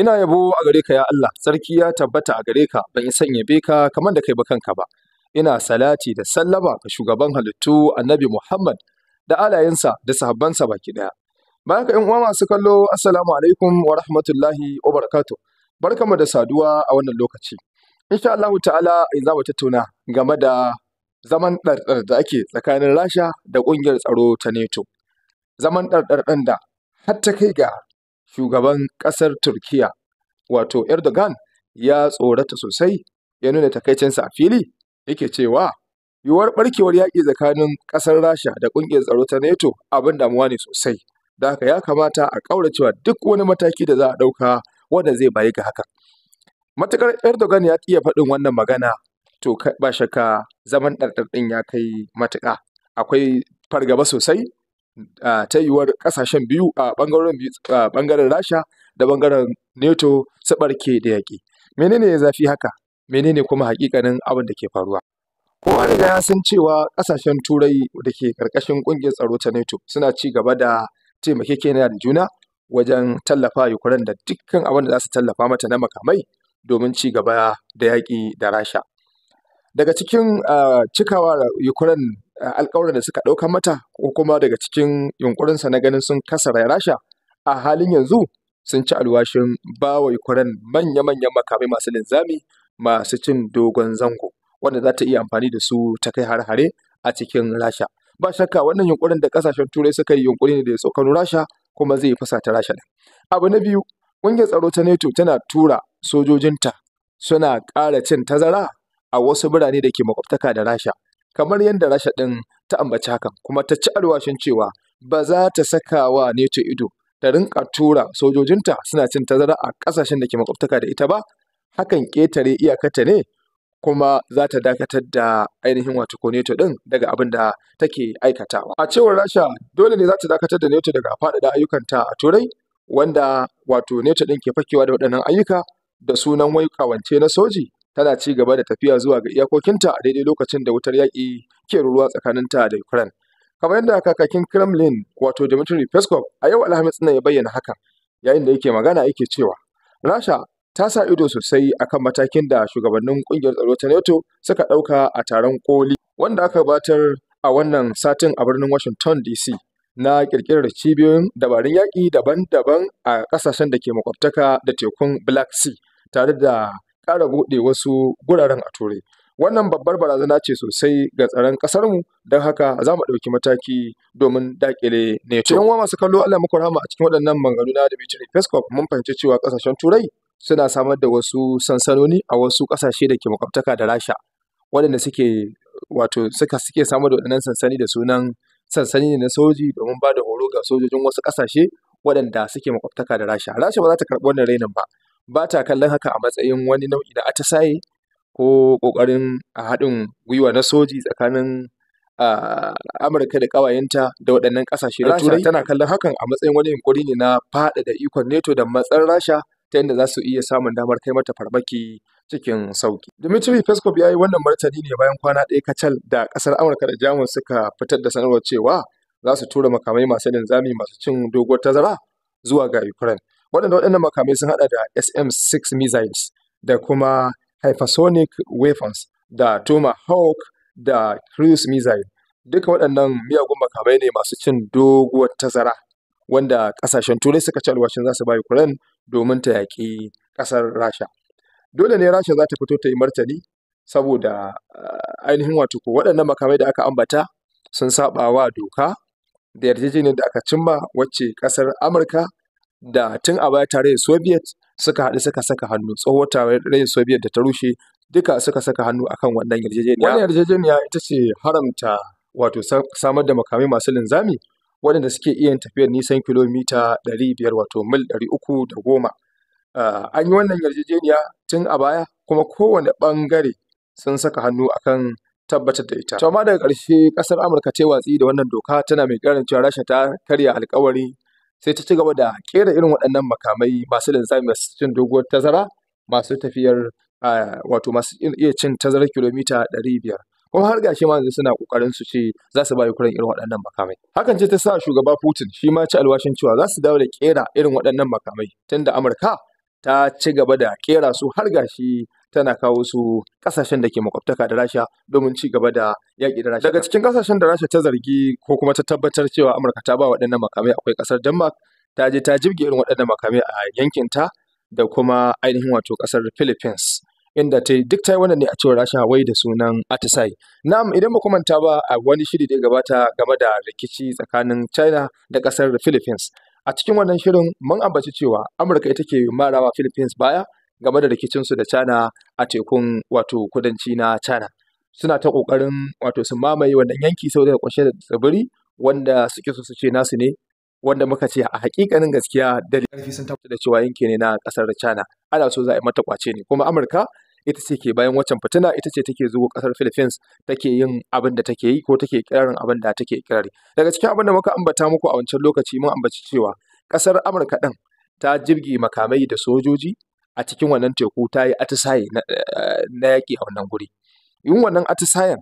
ina yabo a gare ka ya Allah sarki ya tabbata a gare ka ban san yabe ka kamar da kai ba kanka ba ina salati da sallama ga shugaban halittu annabi Muhammad da alayensa da sahabbansa baki daya bayan ka uwa masu kallo assalamu alaikum wa rahmatullahi wa barakatuh barkamu da saduwa a wannan lokaci insha Allah ta'ala eh, za mu tattauna game da zaman ɗarɗar da ake tsakanin Rasha da ƙungiyar tsaro ta NATO zaman ɗarɗar da har ta kai ga shugaban ƙasar Turkiya wato Erdogan ya tsorata sosai ya nuna takaicinsa a fili yake cewa yiwuwar barkewar yaƙi tsakanin ƙasar Rasha da ƙungiyar tsaro ta NATO abin damuwa ne sosai da haka ya kamata a ƙauracewa duk wani mataki da za a ɗauka wanda zai bayi ga haka. Matuƙar Erdogan ya iya faɗin wannan magana to ba shakka zaman ɗarɗar ya kai matuƙa akwai fargaba sosai ta yiwuwar kasashen biyu a ɓangaren ɓangaren rasha da ɓangaren neto su ɓarke da yaƙi menene ya zafi haka menene kuma haƙiƙanin abin da ke faruwa kowa riga ya san cewa ƙasashen turai da ke ƙarƙashin ƙungiyar tsaro ta neto suna ci gaba da taimakekeniya da juna wajen tallafa ukraine da dukkan abin da za su tallafa mata na makamai domin ci gaba da yaƙi da rasha daga cikin cikawa ukraine alƙawarin da suka ɗauka mata ko kuma daga cikin yunƙurinsa na ganin sun kasa kasara rasha a halin yanzu sun ci alwashin ba ukraine manya-manyan makamai masu linzami masu cin dogon zango wanda za ta iya amfani da su ta kai har-hare a cikin rasha ba shakka wannan yunkurin da kasashen turai suka yi yunkuri ne da ya tsokano rasha kuma zai fusata rasha din abu na biyu ƙungiyar tsaro ta nato tana tura sojojinta suna ƙara cin tazara a wasu birane da ke makwabtaka da rasha kamar yadda rasha ɗin ta ambaci hakan kuma ta ci alwashin cewa ba za ta saka wa neto ido ta rinka tura sojojinta suna cin tazara a ƙasashen da ke makwabtaka da ita ba hakan ƙetare iyakarta ne kuma za ta dakatar da ainihin wato ko neto ɗin daga abin da take aikatawa a cewar rasha dole ne za ta dakatar da neto daga faɗaɗa ayyukanta a turai wanda wato neto ɗin ke fakewa da waɗannan ayyuka da sunan wai kawance na soji tana ci gaba da tafiya zuwa ga iyakokinta a daidai lokacin da wutar yaƙi ke ruruwa tsakaninta da Ukraine. Kamar yadda kakakin Kremlin wato Dmitry Peskov a yau Alhamis nan ya bayyana haka yayin da yake magana yake cewa Rasha ta sa ido sosai akan matakin da shugabannin kungiyar tsaro ta NATO suka ɗauka a taron koli wanda aka gabatar a wannan satin a birnin Washington DC na ƙirƙirar cibiyoyin dabarun yaƙi daban-daban a ƙasashen da ke makwabtaka da tekun Black Sea tare da ƙara buɗe wasu guraren a turai wannan babbar barazana ce sosai ga tsaron mu don haka za mu ɗauki mataki domin daƙile neto yan masu kallo allah muku rahama a cikin waɗannan mangaru na dimitri peskov mun fahimci cewa ƙasashen turai suna samar da wasu sansanoni a wasu ƙasashe da ke makwabtaka da rasha waɗanda suke wato suka suke samar da waɗannan sansani da sunan sansani na soji domin ba da horo ga sojojin wasu ƙasashe waɗanda suke makwabtaka da rasha rasha ba za ta karɓi wannan rainin ba ba ta kallon haka a matsayin wani nau'i na atisaye ko ƙoƙarin haɗin gwiwa na soji tsakanin Amurka da ƙawayenta da waɗannan ƙasashe na Turai tana kallon hakan a matsayin wani yunƙuri ne na faɗaɗa ikon neto da matsar Rasha ta yadda za su iya samun damar kai mata farmaki cikin sauki. Dimitri Peskov ya yi wannan martani ne bayan kwana ɗaya kacal da ƙasar Amurka da Jamus suka fitar da sanarwar cewa za su tura makamai masu linzami masu cin doguwar tazara zuwa ga Ukraine. waɗanda waɗannan makamai sun haɗa da SM-6 missiles da kuma hypersonic weapons da Tomahawk da cruise missile duka waɗannan miyagun makamai ne masu cin doguwar tazara wanda ƙasashen turai suka ci alwashin za su ba Ukraine domin ta yaƙi ƙasar Rasha. Dole ne Rasha za ta fito ta yi martani saboda eh, ainihin wato ko waɗannan makamai da aka ambata sun saɓa wa doka da yarjejeniyar da aka cimma wacce ƙasar Amurka da tun a baya tarayyar Soviet suka haɗu suka saka hannu tsohuwar tarayyar Soviet da ta rushe duka suka saka hannu akan wannan yarjejeniya. Wannan yarjejeniya ita ce haramta wato samar da makamai masu linzami waɗanda suke iya tafiyar nisan kilomita ɗari biyar wato mil ɗari uku da goma. Ah, an yi wannan yarjejeniya tun a baya kuma kowane ɓangare sun saka hannu akan tabbatar da ita. To daga ƙarshe ƙasar Amurka ta watsi da wannan doka tana mai ƙarin Rasha ta karya alƙawari sai ta ci gaba da kera irin waɗannan makamai masu linzami masu cin doguwar tazara masu tafiyar wato masu iya cin tazarar kilomita ɗari biyar kuma har gashi ma yanzu suna kokarin su ce za su ba Ukraine irin waɗannan makamai hakan ce ta sa shugaba Putin shi ma ci alwashin cewa za su dawo da kera irin waɗannan makamai tunda Amurka ta ci gaba da kera su har gashi tana kawo su kasashen da ke makwabtaka da Rasha domin ci gaba da yaƙi da Rasha. Daga cikin kasashen da Rasha ta zargi ko kuma ta tabbatar cewa Amurka ta ba waɗannan makamai akwai ƙasar Denmark ta je ta jibge irin waɗannan makamai a yankin ta da kuma ainihin wato ƙasar Philippines. inda ta duk ta yi wannan ne a cewar rasha wai da sunan atisai na'am idan ba manta ba a wani shiri da gabata game da rikici tsakanin china da ƙasar philippines a cikin wannan shirin mun ambaci cewa amurka ita ke marawa philippines baya game da rikicinsu da China a tekun wato kudanci na China. Suna ta ƙoƙarin wato su mamaye wannan yanki saboda ya ƙwashe da tsibiri wanda suke so su ce nasu ne wanda muka ce a hakikanin gaskiya ƙarfi sun tabbatar da cewa yanki ne na ƙasar China. Ana so za a yi mata ƙwace ne kuma Amurka ita ce ke bayan waccan fitina ita ce take zuwa ƙasar Philippines take yin abin da take yi ko take kirarin abin da take kirari daga cikin abin da muka ambata muku a wancan lokaci mun ambaci cewa ƙasar Amurka ɗin ta jirgi makamai da sojoji a cikin wannan teku ta yi atisaye na eh, yaƙi a wannan guri yin wannan atisayen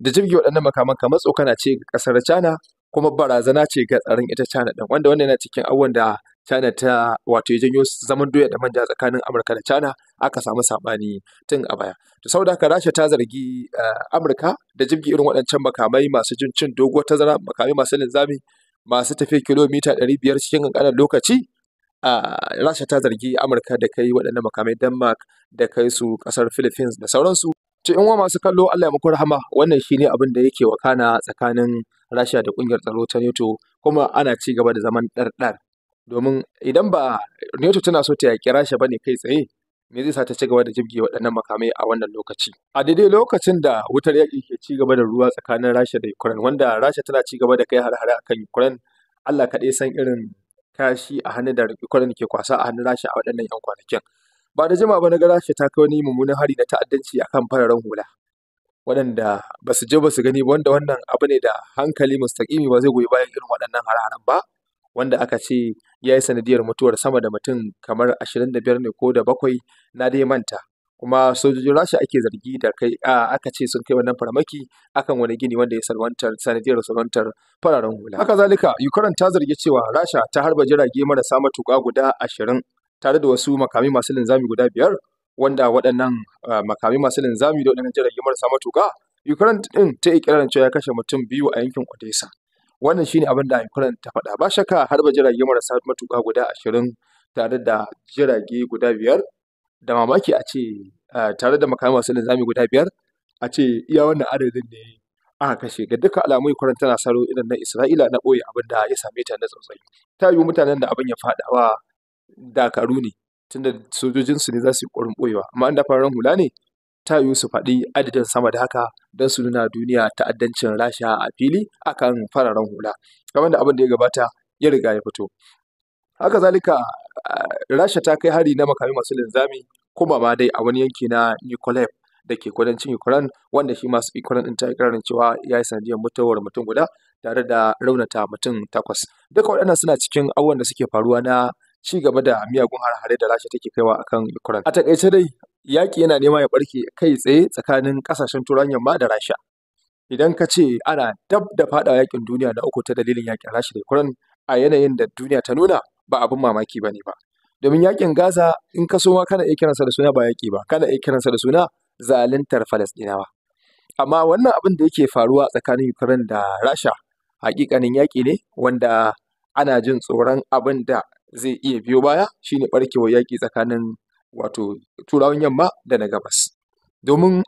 da jirgi waɗannan makaman kamar tsokana ce ga ƙasar China kuma barazana ce ga tsarin ita China ɗin wanda wannan yana cikin abubuwan da China ta wato ya janyo zaman doya da manja tsakanin Amurka da China aka samu saɓani tun a baya. To saboda haka Rasha ta zargi eh, Amurka da jirgin irin waɗancan makamai masu jin cin doguwar tazara makamai masu linzami masu tafiya kilomita ɗari biyar cikin ƙanƙanin lokaci Rasha ta zargi Amurka da kai waɗannan makamai Denmark da kai su ƙasar Philippines da sauransu. To in wa masu kallo Allah ya muku rahama wannan shi ne abin da yake wakana tsakanin Rasha da ƙungiyar tsaro ta NATO kuma ana ci gaba da zaman ɗarɗar. Domin idan ba NATO tana so ta yaƙi Rasha ba ne kai tsaye me zai sa ta ci gaba da jibge waɗannan makamai a wannan lokaci a daidai lokacin da wutar yaƙi ke ci gaba da ruwa tsakanin rasha da ukraine wanda rasha tana ci gaba da kai har-hare akan ukraine allah kaɗai san irin kashi a hannu da rikon da ke kwasa a hannun rasha a waɗannan 'yan kwanakin ba da jima ba na ga rasha ta kai wani mummunan hari na ta'addanci kan fararen hula waɗanda ba su je ba su gani wanda wannan abu ne da hankali mustaƙimi ba zai goyi bayan irin waɗannan hararen ba wanda aka ce ya yi sanadiyar mutuwar sama da mutum kamar ashirin da biyar ne ko da bakwai na dai manta kuma sojojin rasha ake zargi da kai a aka ce sun kai wannan farmaki akan wani gini wanda ya salwantar sanadiyar salwantar fararen hula haka zalika ukraine ta zargi cewa rasha ta harba jirage marasa matuƙa guda ashirin tare da wasu makami masu linzami guda biyar wanda waɗannan makami masu linzami da waɗannan jirage marasa matuƙa ukraine ɗin ta ikirarin cewa ya kashe mutum biyu a yankin odessa wannan shine abin da ukraine ta faɗa ba shakka harba jirage marasa matuka guda ashirin tare da jirage guda biyar da mamaki a ce tare da makamai masu linzami guda biyar a ce iya wannan adadin ne aka kashe ga duka alamu kwarantar na saro irin na isra'ila na ɓoye abin da ya same ta na tsautsayi ta yiwu mutanen da abin ya wa dakaru ne tunda sojojinsu ne za su yi ƙorin ɓoyewa amma inda fararen hula ne ta yiwu su faɗi adadin sama da haka don su nuna duniya ta'addancin rasha a fili akan fararen hula kamar da abin da ya gabata ya riga ya fito haka zalika rasha ta kai hari na makami masu linzami kuma ma dai a wani yanki na Nikolaev da ke kudancin Ukraine wanda shi masu Ukraine ɗin ta ikirarin cewa ya yi sanadiyar mutuwar mutum guda tare da raunata mutum takwas. Duka waɗannan suna cikin abubuwan da suke faruwa na ci gaba da miyagun hare-hare da Rasha take kaiwa akan Ukraine. A takaice dai yaƙi yana nema ya barke kai tsaye tsakanin ƙasashen Turan yamma da Rasha. Idan ka ce ana dab da faɗawa yaƙin duniya na uku ta dalilin yaƙin Rasha da Ukraine a yanayin da duniya ta nuna ba abin mamaki ba ne ba domin yakin gaza in ka so ma kana iya kiransa da suna ba yaƙi ba kana iya kiransa da suna zaluntar Falasɗinawa. amma wannan abin da yake faruwa tsakanin ukraine da rasha hakikanin yaƙi ne wanda ana jin tsoron abin da zai iya biyo baya shine barkewar yaƙi tsakanin wato turawan yamma da na gabas domin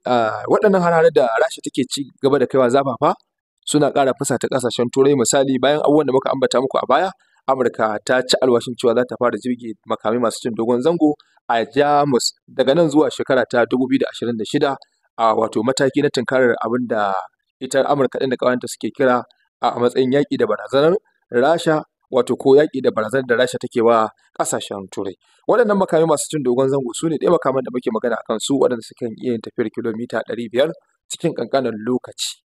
waɗannan harare da rasha take ci gaba da kaiwa zafafa suna ƙara fusata ƙasashen turai misali bayan abubuwan da muka ambata muku a baya Amurka ta ci alwashin cewa za ta fara jirgi makamai masu cin dogon zango a Jamus daga nan zuwa shekara ta 2026 a wato mataki na tunkarar abin da ita Amurka ɗin da ƙawanta suke kira a matsayin yaƙi da barazanar Rasha wato ko yaƙi da barazanar da Rasha take wa ƙasashen Turai. Waɗannan makamai masu cin dogon zango su ne ɗaya makaman da muke magana akan su waɗanda suke iya yin tafiyar kilomita 500 cikin ƙanƙanin lokaci.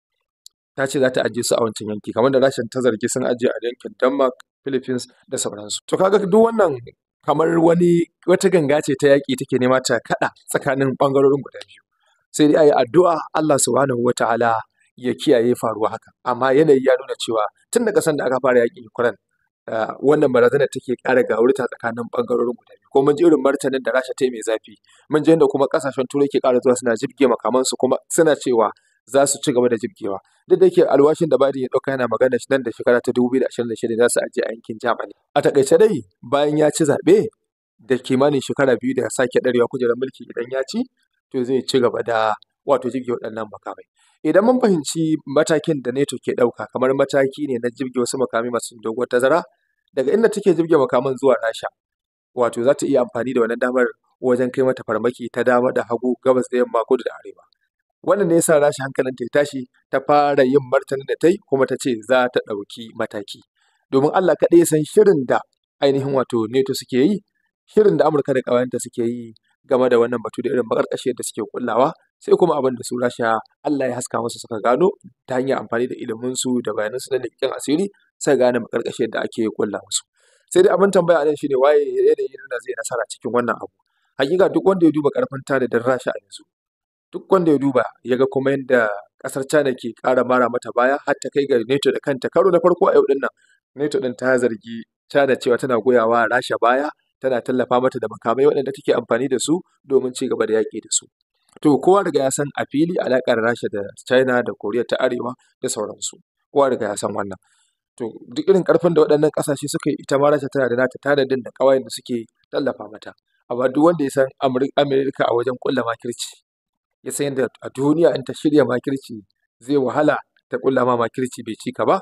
Ta ce za ta ajiye su a wancan yanki kamar da Rasha ta zargi sun ajiye a yankin Denmark Philippines da sauransu. To kaga duk wannan kamar wani wata ganga ce ta yaƙi take nema ta kaɗa tsakanin ɓangarorin guda biyu. Sai dai a yi addu'a Allah subhanahu wa ta'ala ya kiyaye faruwa haka. Amma yanayi ya nuna cewa tun da ƙasar da aka fara yaƙi Ukraine wannan barazanar take ƙara gawurta tsakanin ɓangarorin guda biyu. Ko mun ji irin martanin da Rasha ta yi mai zafi, mun ji yadda kuma ƙasashen Turai ke ƙara zuwa suna jirge makamansu kuma suna cewa za su ci gaba da jirgewa duk da yake alwashin da Biden ya ɗauka yana magana shi nan da shekara ta 2026 za su ajiye a yankin Germany a takaice dai bayan ya ci zaɓe, da kimanin shekara biyu da sake ɗarewa kujerar mulki idan ya ci to zai ci gaba da wato jibge waɗannan makamai idan mun fahimci matakin da NATO ke ɗauka kamar mataki ne na jirge wasu makamai masu doguwar tazara daga inda take jirge makaman zuwa Rasha wato za ta iya amfani da wannan damar wajen kai mata farmaki ta dama da hagu gabas da yamma kudu da arewa wannan ne yasa rashin hankalin ya tashi ta fara yin martanin da ta yi kuma ta ce za ta ɗauki mataki domin Allah kaɗai ya san shirin da ainihin wato neto suke yi shirin da Amurka da ƙawayenta suke yi game da wannan batu da irin maƙarƙashiyar da suke kullawa sai kuma abin da su rasha Allah ya haska musu suka gano ta hanyar amfani da ilimin su da bayanansu na likin asiri suka gane maƙarƙashiyar da ake kulla musu sai dai abin tambaya a nan shine waye yanayi nuna zai nasara cikin wannan abu hakika duk wanda ya duba karfin da rasha a yanzu duk wanda ya duba ya ga kuma yadda ƙasar China ke ƙara mara mata baya har ta kai ga NATO da kanta karo na farko a yau din nan NATO din ta zargi China cewa tana goyawa Rasha baya tana tallafa mata da makamai waɗanda take amfani da su domin ci gaba da yaƙi da su to kowa riga ya san a fili alaƙar Rasha da China da Koriya ta Arewa da sauransu kowa daga ya san wannan to duk irin ƙarfin da waɗannan ƙasashe suka yi ita ma Rasha tana da nata tanadin da ƙawayen da suke tallafa mata amma duk wanda ya san Amurka a wajen ƙulla makirci ya san yadda a duniya in ta shirya makirci zai wahala ta kulla ma makirci bai cika ba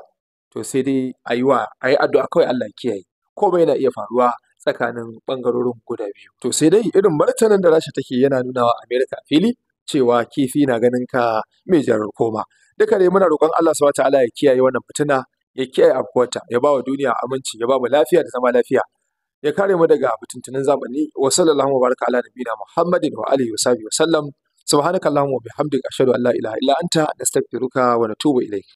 to sai dai a yi wa a yi addu'a kawai Allah ya kiyaye komai yana iya faruwa tsakanin bangarorin guda biyu to sai dai irin martanin da Rasha take yana nuna wa america a fili cewa kifi na ganin ka mai jarar koma duka dai muna roƙon Allah subhanahu ta'ala ya kiyaye wannan fitina ya kiyaye abuwata, ya ba wa duniya aminci ya ba mu lafiya da zama lafiya ya kare mu daga fitintunan zamani wa sallallahu baraka ala nabiyina muhammadin wa alihi wa wa sallam subhanakallahumma wa bihamdika ashhadu an la ilaha illa anta nastaghfiruka wa natubu ilayk